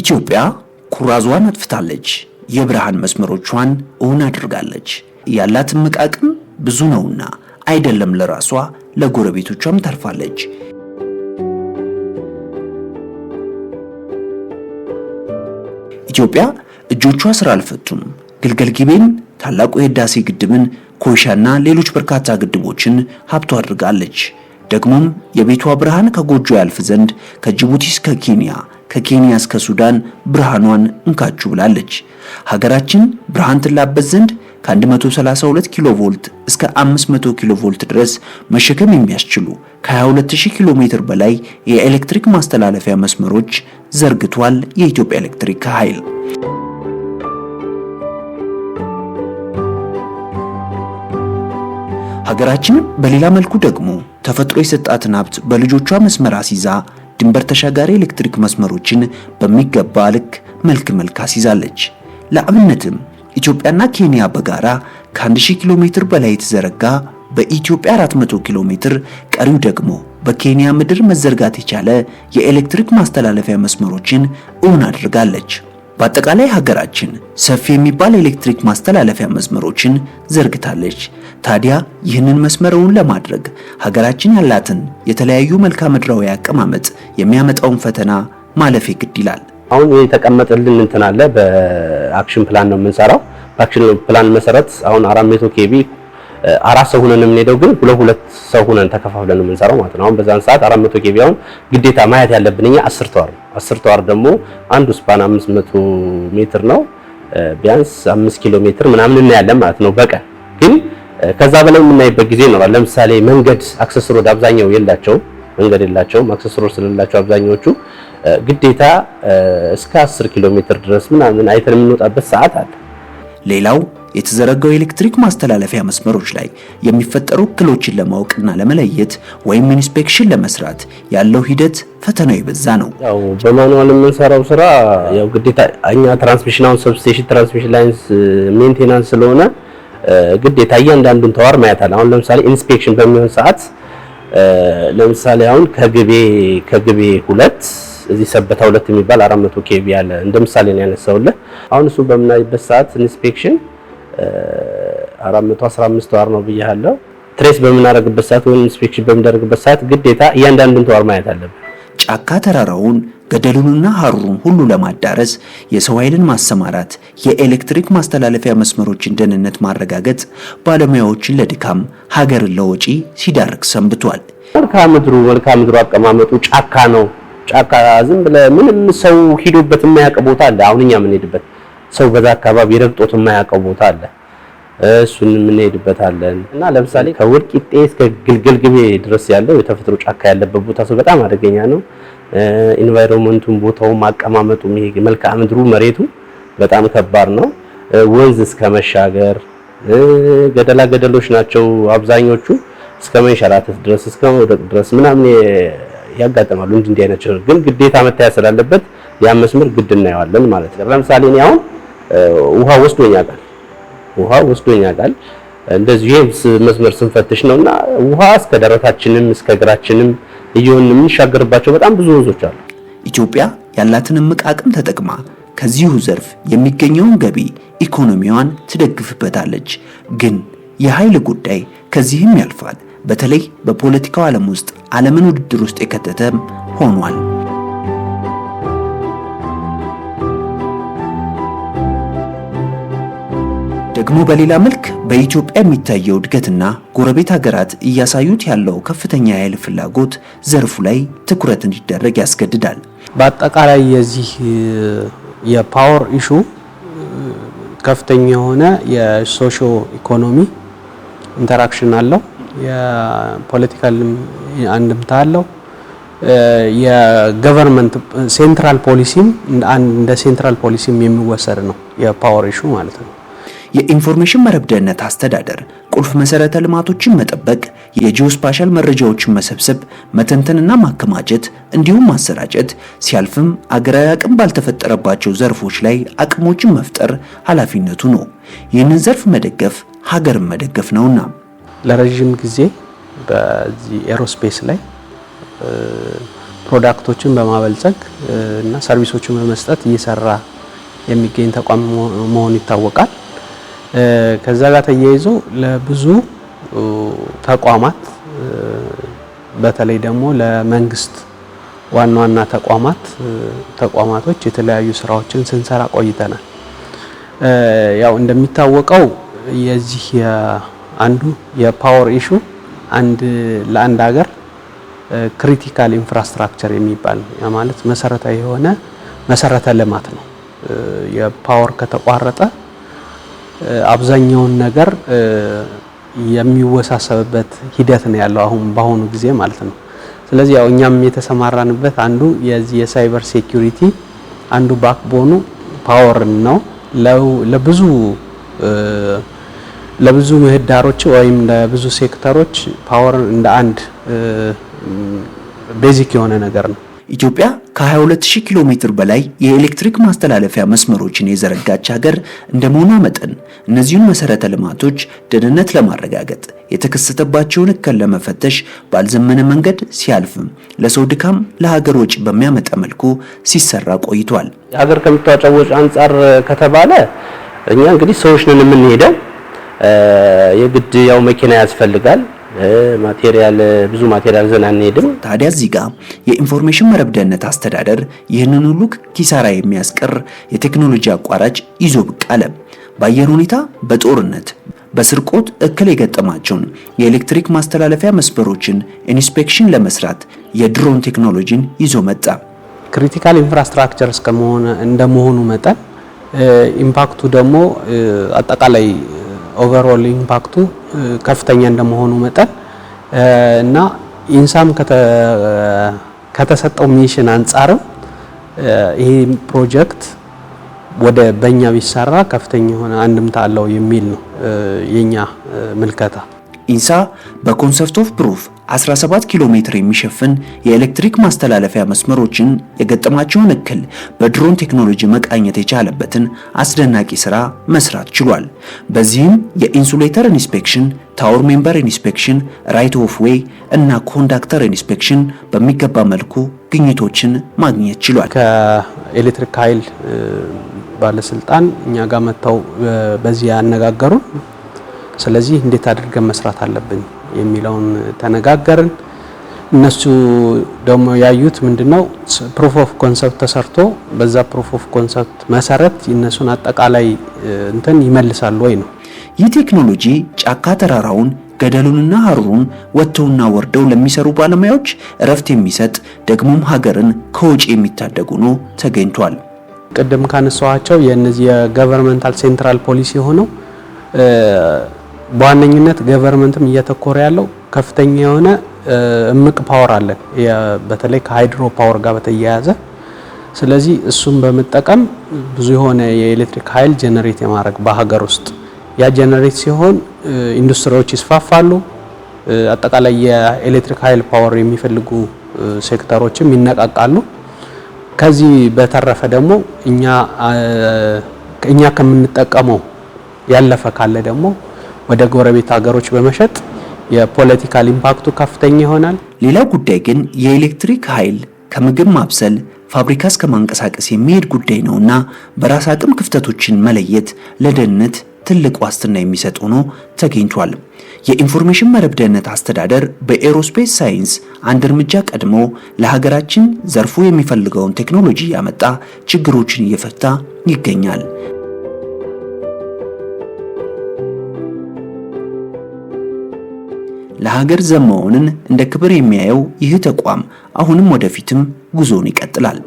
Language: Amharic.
ኢትዮጵያ ኩራዟን አጥፍታለች፣ የብርሃን መስመሮቿን እውን አድርጋለች። ያላት እምቅ አቅም ብዙ ነውና አይደለም ለራሷ ለጎረቤቶቿም ተርፋለች። ኢትዮጵያ እጆቿ ስራ አልፈቱም። ግልገል ጊቤን፣ ታላቁ የህዳሴ ግድብን፣ ኮይሻና ሌሎች በርካታ ግድቦችን ሀብቷ አድርጋለች። ደግሞም የቤቷ ብርሃን ከጎጆ ያልፍ ዘንድ ከጅቡቲ እስከ ኬንያ ከኬንያ እስከ ሱዳን ብርሃኗን እንካችሁ ብላለች። ሀገራችን ብርሃን ትላበት ዘንድ ከ132 ኪሎ ቮልት እስከ 500 ኪሎ ቮልት ድረስ መሸከም የሚያስችሉ ከ22000 ኪሎ ሜትር በላይ የኤሌክትሪክ ማስተላለፊያ መስመሮች ዘርግቷል የኢትዮጵያ ኤሌክትሪክ ኃይል። ሀገራችን በሌላ መልኩ ደግሞ ተፈጥሮ የሰጣትን ሀብት በልጆቿ መስመር አስይዛ ድንበር ተሻጋሪ ኤሌክትሪክ መስመሮችን በሚገባ ልክ መልክ መልክ አስይዛለች። ለአብነትም ኢትዮጵያና ኬንያ በጋራ ከ1000 ኪሎ ሜትር በላይ የተዘረጋ በኢትዮጵያ 400 ኪሎ ሜትር ቀሪው ደግሞ በኬንያ ምድር መዘርጋት የቻለ የኤሌክትሪክ ማስተላለፊያ መስመሮችን እውን አድርጋለች። በአጠቃላይ ሀገራችን ሰፊ የሚባል የኤሌክትሪክ ማስተላለፊያ መስመሮችን ዘርግታለች። ታዲያ ይህንን መስመረውን ለማድረግ ሀገራችን ያላትን የተለያዩ መልክዓ ምድራዊ አቀማመጥ የሚያመጣውን ፈተና ማለፍ ግድ ይላል። አሁን የተቀመጠልን እንትን አለ። በአክሽን ፕላን ነው የምንሰራው። በአክሽን ፕላን መሰረት አሁን 400 ኬቪ አራት ሰው ሁነን የምንሄደው ግን ሁለት ሁለት ሰው ሁነን ተከፋፍለን ነው የምንሰራው ማለት ነው። አሁን በዛን ሰዓት 400 ኬቪ አሁን ግዴታ ማየት ያለብን እኛ 10 ተዋር ነው። 10 ተዋር ደግሞ አንዱ ስፓን 500 ሜትር ነው። ቢያንስ 5 ኪሎ ሜትር ምናምን እናያለን ማለት ነው በቀን ከዛ በላይ የምናይበት ጊዜ ይኖራል። ለምሳሌ መንገድ አክሰስ ሮድ አብዛኛው መንገድ የላቸውም። አክሰስ ሮድ ስለሌላቸው አብዛኛዎቹ ግዴታ እስከ 10 ኪሎ ሜትር ድረስ ምናምን አይተን የምንወጣበት ሰዓት አለ። ሌላው የተዘረጋው የኤሌክትሪክ ማስተላለፊያ መስመሮች ላይ የሚፈጠሩ እክሎችን ለማወቅና ለመለየት ወይም ኢንስፔክሽን ለመስራት ያለው ሂደት ፈተናው የበዛ ነው። ያው በማኑዋል የምንሰራው ስራ ያው ግዴታ እኛ ትራንስሚሽን አሁን ሰብስቴሽን ትራንስሚሽን ላይንስ ሜንቴናንስ ስለሆነ ግዴታ እያንዳንዱን ተዋር ማየት አለ። አሁን ለምሳሌ ኢንስፔክሽን በሚሆን ሰዓት ለምሳሌ አሁን ከግቤ ከግቤ ሁለት እዚህ ሰበታ ሁለት የሚባል 400 ኬቪ ያለ እንደ ምሳሌ ነው ያነሳውልህ። አሁን እሱ በምናይበት ሰዓት ኢንስፔክሽን 415 ተዋር ነው ብያለሁ። ትሬስ በምናደርግበት ሰዓት ወይም ኢንስፔክሽን በምናደርግበት ሰዓት ግዴታ እያንዳንዱን ተዋር ማየት አለብን። ጫካ ተራራውን ገደሉንና ሐሩሩን ሁሉ ለማዳረስ የሰው ኃይልን ማሰማራት፣ የኤሌክትሪክ ማስተላለፊያ መስመሮችን ደህንነት ማረጋገጥ ባለሙያዎችን ለድካም ሀገርን ለወጪ ሲዳርግ ሰንብቷል። መልክዓ ምድሩ መልክዓ ምድሩ አቀማመጡ ጫካ ነው። ጫካ ዝም ብለህ ምንም ሰው ሂዶበት የማያውቅ ቦታ አለ። አሁን እኛ የምንሄድበት ሰው በዛ አካባቢ ረግጦት የማያውቀው ቦታ አለ። እሱን የምንሄድበታለን እና ለምሳሌ ከወልቂጤ እስከ ግልገል ግቤ ድረስ ያለው የተፈጥሮ ጫካ ያለበት ቦታ ሰው በጣም አደገኛ ነው። ኢንቫይሮንመንቱን፣ ቦታውም፣ አቀማመጡ፣ መልክዓ ምድሩ፣ መሬቱ በጣም ከባድ ነው። ወንዝ እስከ መሻገር ገደላ ገደሎች ናቸው አብዛኞቹ። እስከ መንሸራተት ድረስ እስከ መውደቅ ድረስ ምናምን ያጋጥማሉ። እንዲህ እንዲህ አይነት ግን ግዴታ መታየት ስላለበት ያ መስመር ግድ እናየዋለን ማለት ነው። ለምሳሌ እኔ አሁን ውሃ ወስዶኛል ውሃ ወስዶኝ ያውቃል። እንደዚሁ ይህም መስመር ስንፈትሽ ነውና ውሃ እስከ ደረታችንም እስከ እግራችንም እየሆን የምንሻገርባቸው በጣም ብዙ ወንዞች አሉ። ኢትዮጵያ ያላትን እምቅ አቅም ተጠቅማ ከዚሁ ዘርፍ የሚገኘውን ገቢ ኢኮኖሚዋን ትደግፍበታለች። ግን የኃይል ጉዳይ ከዚህም ያልፋል። በተለይ በፖለቲካው ዓለም ውስጥ ዓለምን ውድድር ውስጥ የከተተም ሆኗል። ደግሞ በሌላ መልክ በኢትዮጵያ የሚታየው እድገትና ጎረቤት ሀገራት እያሳዩት ያለው ከፍተኛ የኃይል ፍላጎት ዘርፉ ላይ ትኩረት እንዲደረግ ያስገድዳል። በአጠቃላይ የዚህ የፓወር ኢሹ ከፍተኛ የሆነ የሶሾ ኢኮኖሚ ኢንተራክሽን አለው፣ የፖለቲካል አንድምታ አለው። የገቨርንመንት ሴንትራል ፖሊሲም እንደ ሴንትራል ፖሊሲም የሚወሰድ ነው የፓወር ኢሹ ማለት ነው። የኢንፎርሜሽን መረብ ደህንነት አስተዳደር ቁልፍ መሰረተ ልማቶችን መጠበቅ፣ የጂኦስፓሻል መረጃዎችን መሰብሰብ፣ መተንተንና ማከማቸት እንዲሁም ማሰራጨት፣ ሲያልፍም አገራዊ አቅም ባልተፈጠረባቸው ዘርፎች ላይ አቅሞችን መፍጠር ኃላፊነቱ ነው። ይህንን ዘርፍ መደገፍ ሀገርን መደገፍ ነውና ለረዥም ጊዜ በዚህ ኤሮስፔስ ላይ ፕሮዳክቶችን በማበልጸግ እና ሰርቪሶችን በመስጠት እየሰራ የሚገኝ ተቋም መሆኑ ይታወቃል። ከዛ ጋር ተያይዞ ለብዙ ተቋማት በተለይ ደግሞ ለመንግስት ዋና ዋና ተቋማት ተቋማቶች የተለያዩ ስራዎችን ስንሰራ ቆይተናል። ያው እንደሚታወቀው የዚህ አንዱ የፓወር ኢሹ አንድ ለአንድ ሀገር ክሪቲካል ኢንፍራስትራክቸር የሚባል ማለት መሰረታዊ የሆነ መሰረተ ልማት ነው። የፓወር ከተቋረጠ አብዛኛውን ነገር የሚወሳሰብበት ሂደት ነው ያለው አሁን በአሁኑ ጊዜ ማለት ነው። ስለዚህ ያው እኛም የተሰማራንበት አንዱ የዚህ የሳይበር ሴኩሪቲ አንዱ ባክቦኑ ፓወር ነው። ለብዙ ለብዙ ምህዳሮች ወይም ለብዙ ሴክተሮች ፓወር እንደ አንድ ቤዚክ የሆነ ነገር ነው። ኢትዮጵያ ከ22000 ኪሎ ሜትር በላይ የኤሌክትሪክ ማስተላለፊያ መስመሮችን የዘረጋች ሀገር እንደመሆኗ መጠን እነዚሁን መሰረተ ልማቶች ደህንነት ለማረጋገጥ የተከሰተባቸውን እክል ለመፈተሽ ባልዘመነ መንገድ ሲያልፍም ለሰው ድካም፣ ለሀገር ወጪ በሚያመጣ መልኩ ሲሰራ ቆይቷል። ሀገር ከምታወጣው ወጪ አንጻር ከተባለ እኛ እንግዲህ ሰዎች ነን የምንሄደው፣ የግድ ያው መኪና ያስፈልጋል ማቴሪያል ብዙ ማቴሪያል ዘና አንሄድም። ታዲያ እዚህ ጋር የኢንፎርሜሽን መረብ ደህንነት አስተዳደር ይህንን ሁሉ ኪሳራ የሚያስቀር የቴክኖሎጂ አቋራጭ ይዞ ብቅ አለ። በአየር ሁኔታ፣ በጦርነት፣ በስርቆት እክል የገጠማቸውን የኤሌክትሪክ ማስተላለፊያ መስመሮችን ኢንስፔክሽን ለመስራት የድሮን ቴክኖሎጂን ይዞ መጣ። ክሪቲካል ኢንፍራስትራክቸር እስከመሆነ እንደመሆኑ መጠን ኢምፓክቱ ደግሞ አጠቃላይ ኦቨርኦል ኢምፓክቱ ከፍተኛ እንደመሆኑ መጠን እና ኢንሳም ከተሰጠው ሚሽን አንጻርም ይሄ ፕሮጀክት ወደ በእኛ ቢሰራ ከፍተኛ የሆነ አንድምታ አለው የሚል ነው የኛ ምልከታ። ኢንሳ በኮንሰፕት ኦፍ ፕሩፍ 17 ኪሎ ሜትር የሚሸፍን የኤሌክትሪክ ማስተላለፊያ መስመሮችን የገጠማቸውን እክል በድሮን ቴክኖሎጂ መቃኘት የቻለበትን አስደናቂ ስራ መስራት ችሏል። በዚህም የኢንሱሌተር ኢንስፔክሽን፣ ታወር ሜምበር ኢንስፔክሽን፣ ራይት ኦፍ ዌይ እና ኮንዳክተር ኢንስፔክሽን በሚገባ መልኩ ግኝቶችን ማግኘት ችሏል። ከኤሌክትሪክ ኃይል ባለስልጣን እኛ ጋር መጥተው በዚህ ያነጋገሩን ስለዚህ እንዴት አድርገን መስራት አለብን የሚለውን ተነጋገርን። እነሱ ደግሞ ያዩት ምንድነው ፕሩፍ ኦፍ ኮንሰፕት ተሰርቶ በዛ ፕሩፍ ኦፍ ኮንሰፕት መሰረት እነሱን አጠቃላይ እንትን ይመልሳል ወይ ነው። ይህ ቴክኖሎጂ ጫካ ተራራውን ገደሉንና ሀሩሩን ወጥተውና ወርደው ለሚሰሩ ባለሙያዎች እረፍት የሚሰጥ ደግሞም ሀገርን ከወጪ የሚታደጉ ነው ተገኝቷል። ቅድም ካነሳኋቸው የእነዚህ የገቨርንመንታል ሴንትራል ፖሊሲ የሆነው በዋነኝነት ገቨርንመንትም እያተኮረ ያለው ከፍተኛ የሆነ እምቅ ፓወር አለን፣ በተለይ ከሃይድሮ ፓወር ጋር በተያያዘ ስለዚህ እሱም በመጠቀም ብዙ የሆነ የኤሌክትሪክ ኃይል ጀነሬት የማድረግ በሀገር ውስጥ ያ ጀነሬት ሲሆን ኢንዱስትሪዎች ይስፋፋሉ። አጠቃላይ የኤሌክትሪክ ኃይል ፓወር የሚፈልጉ ሴክተሮችም ይነቃቃሉ። ከዚህ በተረፈ ደግሞ እኛ እኛ ከምንጠቀመው ያለፈ ካለ ደግሞ ወደ ጎረቤት ሀገሮች በመሸጥ የፖለቲካል ኢምፓክቱ ከፍተኛ ይሆናል። ሌላው ጉዳይ ግን የኤሌክትሪክ ኃይል ከምግብ ማብሰል ፋብሪካ እስከ ማንቀሳቀስ የሚሄድ ጉዳይ ነውና በራስ አቅም ክፍተቶችን መለየት ለደህንነት ትልቅ ዋስትና የሚሰጥ ሆኖ ተገኝቷል። የኢንፎርሜሽን መረብ ደህንነት አስተዳደር በኤሮስፔስ ሳይንስ አንድ እርምጃ ቀድሞ ለሀገራችን ዘርፉ የሚፈልገውን ቴክኖሎጂ ያመጣ ችግሮችን እየፈታ ይገኛል። ለሀገር ዘመውንን እንደ ክብር የሚያየው ይህ ተቋም አሁንም ወደፊትም ጉዞውን ይቀጥላል።